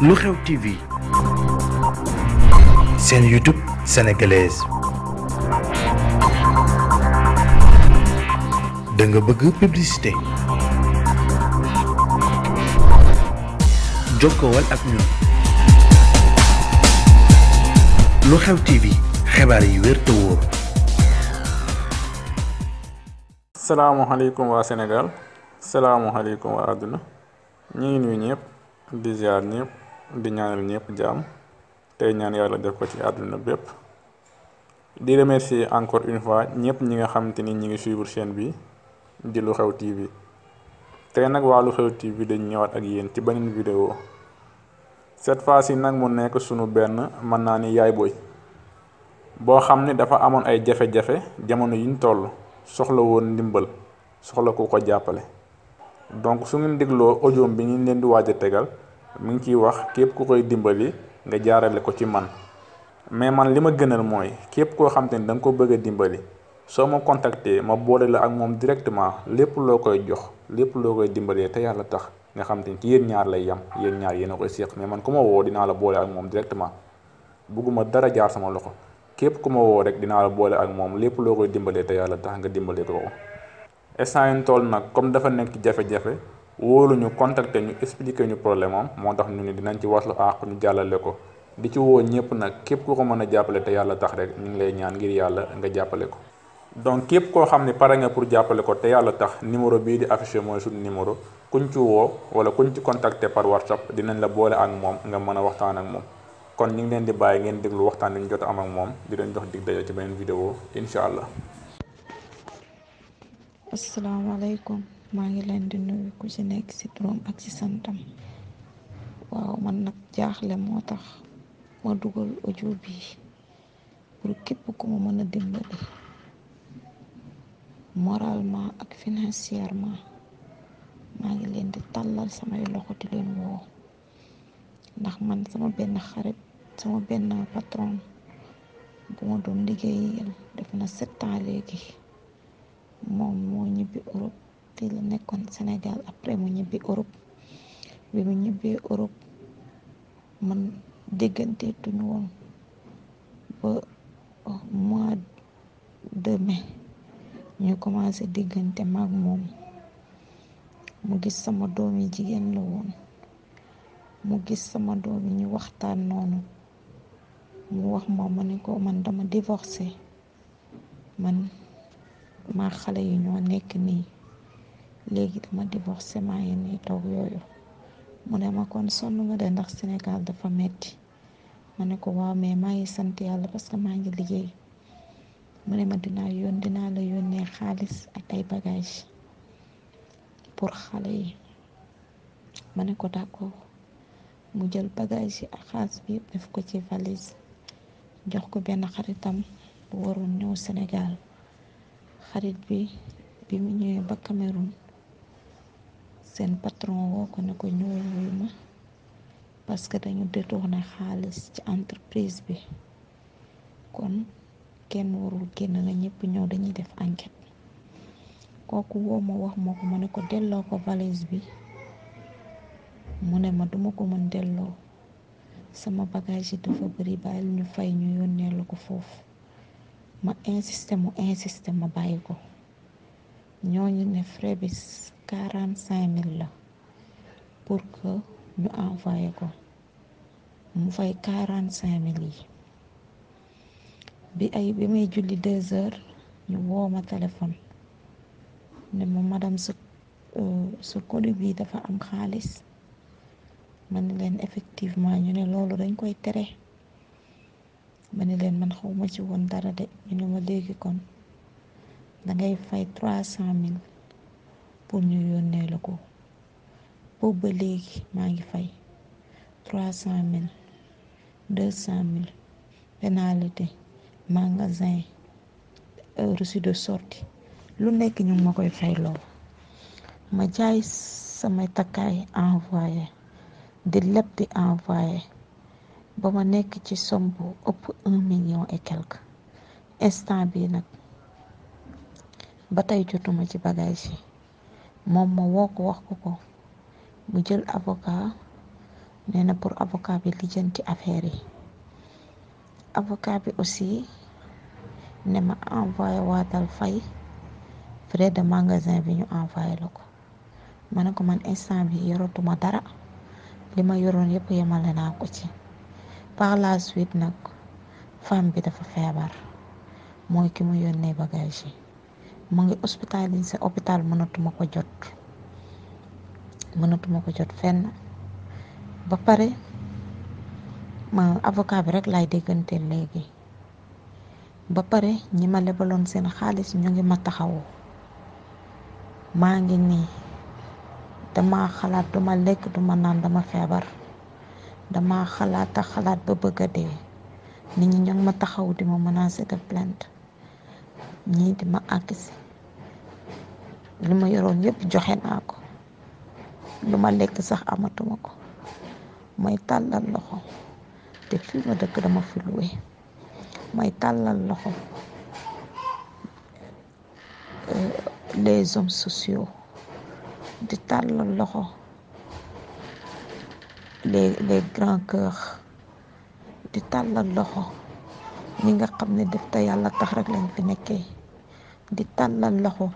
lu xew TV seen YouTube sénégalaise da nga bëgg publicité jokkowal ak ñun lu xew TV xibaar yi wér te wóor. salaamaaleykum waa Sénégal salaamaaleykum waa àdduna ñu ngi nuyu ñëpp di ñaanal ñëpp jaam tey ñaan yàlla def ko ci àdduna bépp di remercier encore une fois ñëpp ñi nga xamante ni ñi ngi suivre chaîne bi di lu xew TV tey nag waa lu xew TV dañ ñëwaat ak yéen ci beneen vidéo set fois yi nag mu nekk sunu benn mën naa ni yaay booy boo xam ni dafa amoon ay jafe-jafe jamono yiñ toll soxla woon ndimbal soxla ku ko jàppale donc su ngeen dégloo audio bi ñu leen di waaj a tegal mu ngi ciy wax képp ku koy dimbali nga jaarale ko ci man mais man li ma gënal mooy képp koo xam te ni da nga ko bëgg a dimbali soo ma contacté ma boole la ak moom directement lépp loo koy jox lépp loo koy dimbalee te yàlla tax nga xam te ni ci yéen ñaar lay yam yéen ñaar yéen a koy séq mais man ku ma woo dinaa la boole ak moom directement bugguma dara jaar sama loxo képp ku ma woo rek dinaa la boole ak moom lépp loo koy dimbalee te yàlla tax nga dimbalee ko ko nag comme dafa nekk jafe-jafe. wóolu ñu contacter ñu expliquer ñu problème am moo tax ñu ni dinañ ci waslu àq ñu jàllale ko di ci woo ñëpp nag képp ku ko mën a jàppale te yàlla tax rek ñu ngi lay ñaan ngir yàlla nga jàppale ko donc képp koo xam ne pare nga pour jàppale ko te yàlla tax numéro bii di affiché mooy suñu numéro kuñ ci woo wala kuñ ci contacter par whatsapp dinañ la boole ak moom nga mën a waxtaan ak moom kon ñu ngi leen di bàyyi ngeen déglu waxtaan bi ñu jot am ak moom di leen jox dig daje ci beneen vidéo incha allah. maa ngi leen di nuyu ku ci nekk ci turam ak ci santam waaw man nag jaaxle moo tax ma dugal audio bi pour képp ko ma mën a dimbali moralement ak financièrement maa ngi leen di tàllal samay loxo di leen woo ndax man sama benn xarit sama benn patron bu ma doon liggéeyal def na sept ans léegi moom moo ñibbi Europe fii la nekkoon Sénégal après mu ñibbi Europe bi mu ñibbee Europe man déggante tuñu woon ba oh, mois de mai ñu commencé déggante maag moom mu gis sama doom yi jigéen la woon mu gis sama doom yi ñu waxtaan noonu mu wax ma ma ne ko man dama divorcé man maa xale yi ñoo nekk nii léegi dama divorcé maa ngi nii toog yooyu mu ne ma kon sonn nga de ndax Sénégal dafa metti ma ne ko waaw mais maa ngi sant yàlla parce que maa ngi liggéey mu ne ma dinaa yón dinaa la yónnee xaalis ak ay bagage pour xale yi ma ne ko d'accord mu jël bagage yi ak xaalis bi yëpp def ko ci valise jox ko benn xaritam bu waroon ñëw Sénégal xarit bi bi mu ñëwee ba Cameroun seen patron woo ko ne ko ñëwul wuy ma parce que dañu détourné xaalis ci entreprise bi kon kenn warul génn na ñëpp ñoo dañuy def enquête kooku woo ma wax ma ko ma ne ko delloo ko valise bi mu ne ma duma ko mën delloo sama bagage yi dafa bëri bàyyil ñu fay ñu yónnee la ko foofu ma insisté mu insisté ma bàyyi ko ñooñu ne frais bi quarante cinq mille la pour que ñu envoyé ko mu fay quarante cinq mille yi bi ay bi may julli deux heures ñu woo ma téléphone ne ma madame sa euh, sa code bi dafa am xaalis ma ne leen effectivement ñu ne loolu dañ koy tere ma ne leen man xaw ma ci woon dara de ñu ne ma léegi kon da fay trois cent mille pour ñu yónnee la ko boobu ba léegi maa ngi fay trois cent mille deux cent mille pénalité magasin euh, reçu de sortie lu nekk ñu ma koy fay lool ma jaay samay takkaay envoyé di leb di envoyé ba ma nekk ci somme ëpp un million et quelque instant bi nag ba tey jotuma ci bagage yi moom ma woo ko wax ko ko mu jël avocat nee na pour avocat bi lijjanti affaire yi avocat bi aussi ne ma envoyé waatal fay frais de magasin bi ñu envoyé la ko ma ne ko man instant bi yoratuma dara li ma yoroon yëpp yemale naa ko ci par la suite nag femme bi dafa feebar mooy ki mu yónnee bagage yi mu ngi hospitalisé hôpital mënatuma ko jot mënatuma ko jot fenn ba pare ma avocat bi rek laay déggante léegi ba pare ñi ma lebaloon seen xaalis ñu ngi ma taxawu maa ngi nii dama xalaat duma lekk duma naan dama feebar dama xalaat a xalaat ba bëgg dee nit ñi ñu ngi ma taxaw di ma menacer de plainte ñii di ma li ma yoroon yëpp joxe naa ko lu ma lekk sax amatuma ko may tàllal loxo te fii dëkk dama fi luwe may tàllal loxo euh, les hommes sociaux di tàllal loxo les les grands cœurs di tàllal loxo ñi nga xam ne def yàlla tax rek lañ fi nekkee di tàllal loxo.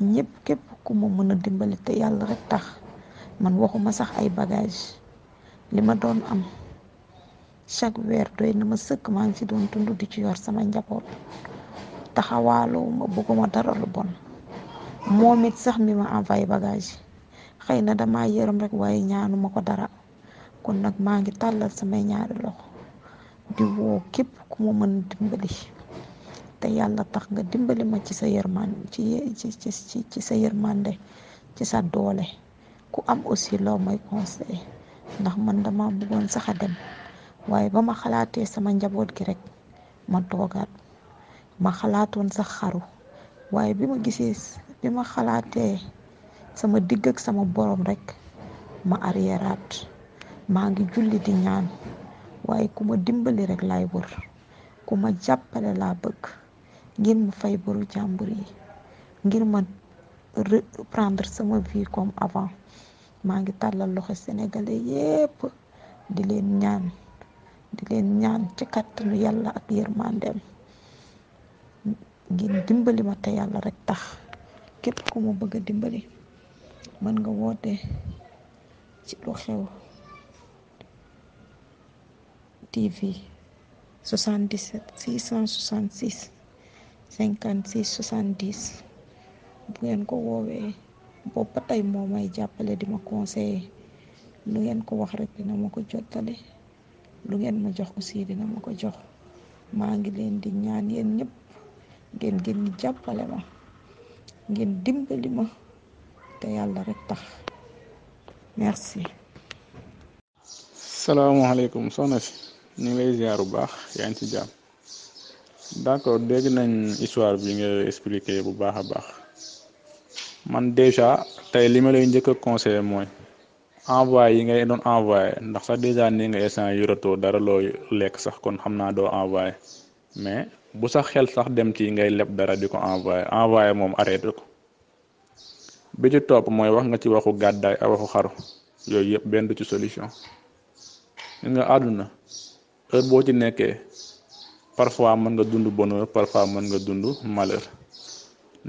ñëpp képp ku ma mën a dimbali te yàlla rekk tax man waxuma sax ay bagage li ma doon am chaque weer doy na ma sëkk maa ngi ci doon tund di ci yor sama njaboot taxawaaloo ma bëgguma dara lu bon moom it sax mi ma ay bagage xëy na dama yërëm rek waaye ñaanuma ko dara kon nag maa ngi tàllal samay ñaari loxo di woo képp ku ma mën dimbali te yàlla tax nga dimbali ma ci sa yërmaan ci ci ci ci sa yërmande ci sa doole ku am aussi loo may conseil ndax man dama bëggoon sax a dem waaye ba ma xalaatee sama njaboot gi rek ma toogaat ma xalaatoon sax xaru waaye bi ma gisee bi ma xalaatee sama digg sama borom rekk ma arriéraat maa ngi julli di ñaan waaye ku ma dimbali rek laay wër ku ma jàppale laa bëgg ngir mu fay boru jàmbur yi ngir man prendre sama vie comme avant maa ngi tàllal loxo sénégalais yépp di leen ñaan di leen ñaan ci kàttanu yàlla ak yërmandeem ngir dimbali ma te yàlla rek tax képp ku mu bëgg a dimbali mën nga woote ci lu xew TV 77 666 56 70 bu ngeen ko woowee boobu tey moo may jàppale di ma conseiller lu ngeen ko wax rek dina ma ko jottale lu ngeen ma jox aussi dina ma ko jox maa ngi leen di ñaan yéen ñëpp ngeen gën jàppale ma ngeen dimbali ma te yàlla rek tax merci. salaamaaleykum soxna si ñu ngi lay ziar bu baax yaa ngi ci jàmm. d'accord dégg nañ histoire bi nga expliqué bu baax a baax man déjà tey li ma lay njëkk a conseillé mooy envoyé yi ngay doon envoyé ndax sax déjà ni nga instant yoratoo dara loo lekk sax kon xam naa doo envoyé mais bu sax xel sax dem ci ngay leb dara di ko envoyé envoyé moom arrêté ko bi ci topp mooy wax nga ci waxu gàddaay a waxu xaru yooyu yëpp benn du ci solution nga àdduna heure boo ci nekkee. parfois mën nga dund bonheur parfois mën nga dund malheur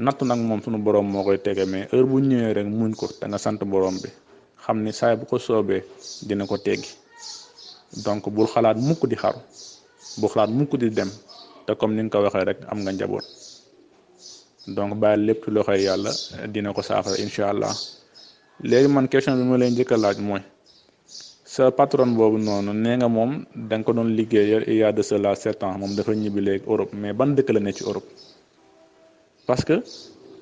nattu nag moom sunu borom moo koy tege mais heure bu ñëwee rek muñ ko te nga sant boroom bi xam ni saay bu ko soobee dina ko teggi donc bul xalaat mukk di xaru bul xalaat mukk di dem te comme ni nga ko waxee rek am nga njaboot donc bàyyi lépp ci loxoy yàlla dina ko saafara incha allah léegi man question bi ma leen njëkk a laaj mooy. sa patron boobu noonu nee nga moom da nga ko doon liggéeyal il y a de moom dafa ñibbi léegi Europe mais ban dëkk la ne ci Europe parce que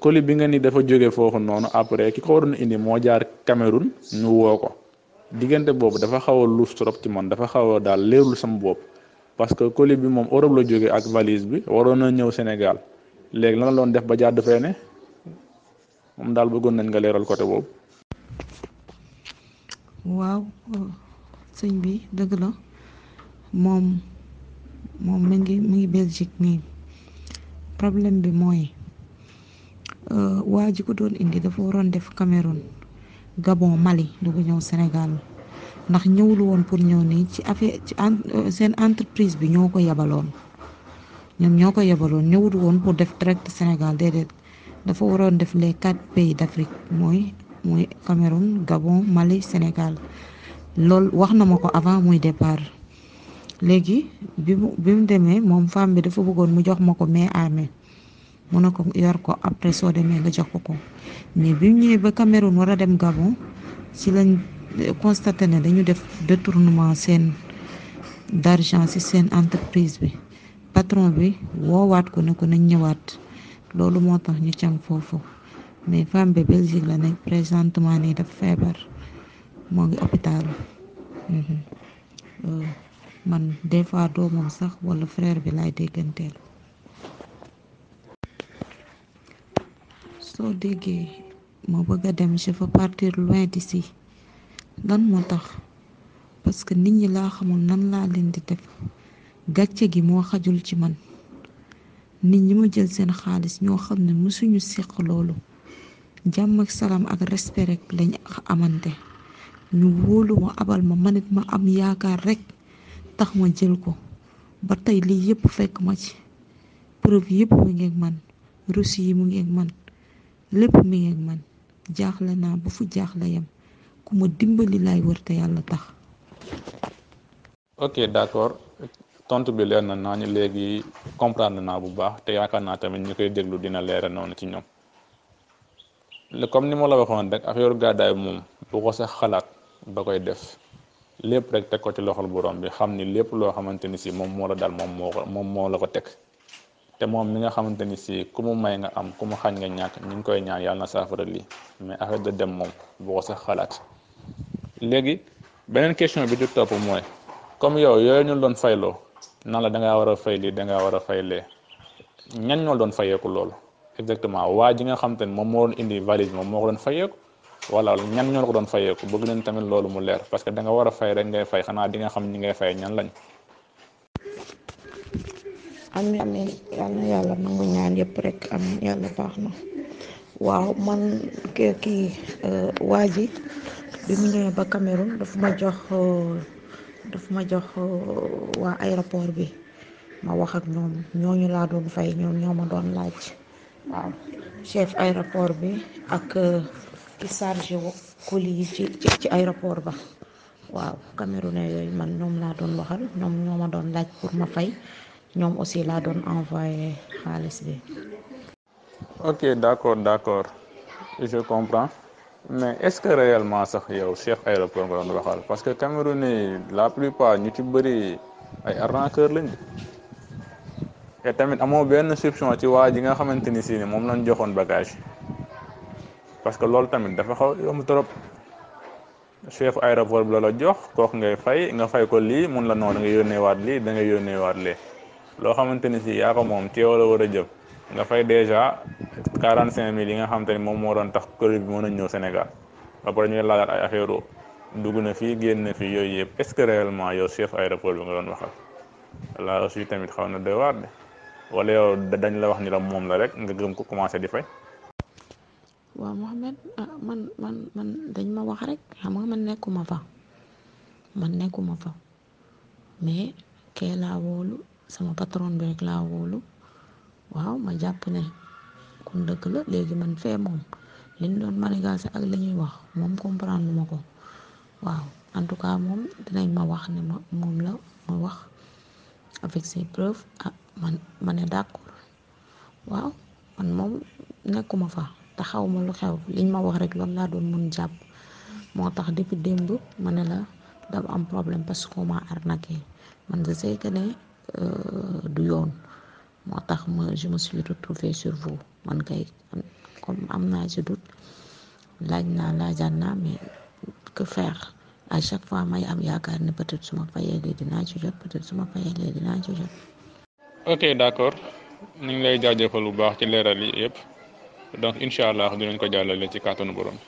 colis bi nga ni dafa jóge foofu noonu après ki ko waroon indi moo jaar Cameroun ñu woo ko diggante boobu dafa xaw a luus trop ci man dafa xaw a daal leerul sama bopp parce que colis bi moom Europe la jóge ak valise bi waroon na ñëw Sénégal léegi lan la doon def ba jaar dafay ne moom daal bëggoon nañ nga leeral côté boobu. waaw sëñ bi dëgg la moom moom mi ngi mi ngi Belgique nii problème bi mooy euh, waa ji ko doon indi dafa waroon def Cameroun Gabon Mali du ko ñëw Sénégal ndax ñëwul woon pour ñëw nii ci affaire ci euh, seen entreprise bi ñoo ko yebaloon ñoom ñoo ko yebaloon ñëwul woon pour def direct Sénégal déedéet dafa waroon def les quatre pays d'Afrique mooy. mooy Cameroun Gabon Mali Sénégal loolu wax na ma ko avant muy départ léegi bi mu bi mu demee moom femme bi dafa bëggoon mu jox ma ko mais amee mu ne ko yor ko après soo demee nga jox ko ko mais bi mu ñëwee ba Cameroun war a dem Gabon ci lañ constaté ne dañu def détournement seen d'argent ci seen entreprise bi patron bi woowaat ko ne ko nañ ñëwaat loolu moo tax ñu cam foofu. mais femme bi Belgique la nekk présentement nii daf feebar moo ngi hôpital man des fois doomam sax uh, wala frère bi laay dégganteel soo déggee ma bëgg a dem je veux partir loin d'ici lan moo tax parce que nit ñi laa xamul nan laa leen di def gàcce gi moo xajul ci man nit ñi ma jël seen xaalis ñoo xam ne mësuñu seq loolu jàmm ak salaam ak respect rek lañ amante ñu wóolu abal ma manit ma am yaakaar rek tax ma jël ko ba tey lii yëpp fekk ma ci preuve yëpp mu ngeeg man russi yi mu ngeeg man lépp mi ngeeg man jaaxle naa ba fu jaaxle yam ku ma dimbali laay wër te yàlla tax ok d'accord tontu bi leer na naa ñu léegi comprendre naa bu baax te yaakaar naa tamit ñu koy déglu dina leera noonu ci ñoom comme ni ma la waxoon rek affaire gàddaay moom bu ko sax xalaat ba koy def lépp rek teg ko ci loxol borom bi xam ni lépp loo xamante ni si moom moo la dal moom moo moom moo la ko teg te moom mi nga xamante ni si ku mu may nga am ku mu xañ nga ñàkk ñu ngi koy ñaan yàlla na saafara lii mais affaire de dem moom bu ko sax xalaat léegi beneen question bi di topp mooy comme yow yooyu ñu doon fayloo nan la da ngaa war fay lii da ngaa war a fay lee ñan ñoo doon fayeeku loolu. exactement waa ji nga xam te moom moo doon indi valise moom moo ko doon fayeeku wala ñan ñoo ko doon fayeeku bëgg nañ tamit loolu mu leer parce que da nga a fay rek ngay fay xanaa di nga xam ñi ngay fay ñan lañ. amiin yal na yàlla nangu ñaan yëpp rek amiin yàlla baax na waaw man kii kii euh, ji bi mu ñëwee ba Cameroun daf ma jox euh, daf ma jox euh, waa aéroport bi ma wax ak ñoom ñooñu laa doon fay ñoom ñoo ma doon laaj. waaw chef aéroport bi ak euh, ki chargé wu colis ci ci aéroport ba waaw camerounais yooyu man ñoom laa doon waxal ñoom ñoo ma doon laaj pour ma fay ñoom aussi la doon envoyé xaalis bi. ok d'accord d'accord je comprends mais est-ce que réellement sax yow chef aéroport nga doon waxal parce que camerounais la plupart ñu ci bëri ay arnaqueur lañu. et tamit amoo benn soupçon ci waa ji nga xamante ni si ne moom lañu joxoon bagage parce que loolu tamit dafa xaw yomb trop chef aéroport bi la jox kook ngay fay nga fay ko lii mun la noonu da nga yónneewaat lii da nga yónneewaat lee loo xamante ni si yaa ko moom ci yow war a jëm nga fay déjà quarante cinq mille yi nga xamante ni moom moo doon tax kuréel bi mën a ñëw Sénégal ba pare ñuy laalaat ay affaire dugg na fii génn na fii yooyu yëpp est-ce que réellement yow chef aéroport bi nga doon waxal. voilà tamit xaw na doy waar wala yow dañ la wax ni la moom la rek nga gëm ko commencé di fay. waaw Mohamed ah, man man man dañ ma wax rek xam nga man nekkuma fa man nekkuma fa mais kee laa wóolu sama patron bi rek laa waaw ma jàpp ne kon dëgg la léegi man fee moom liñ doon manigaase ak li ñuy wax moom comprendre ma ko waaw en tout cas moom dinañ ma wax ne ma moom la ma wax. avec ses preuves ah man ma ne d'accord waaw man moom nekkuma fa te xaw ma lu xew liñ ma wax rek loolu laa doon mun jàpp moo tax depuis démb ma ne la dama am problème parce que ma arnaqué man je sais ne euh, du yoon moo tax ma je me suis retrouvée sur vous man kay comme am naa ci doute laaj naa laajaat mais que faire à chaque fois may am yaakaar ne peut-être su ma fayee lii dinaa ci jot peut fayee lii dinaa ci ok d'accord ñu ngi lay jaajëfal bu baax ci leeral yi yëpp donc incha allah dinañ ko jàllale ci kàttanu borom.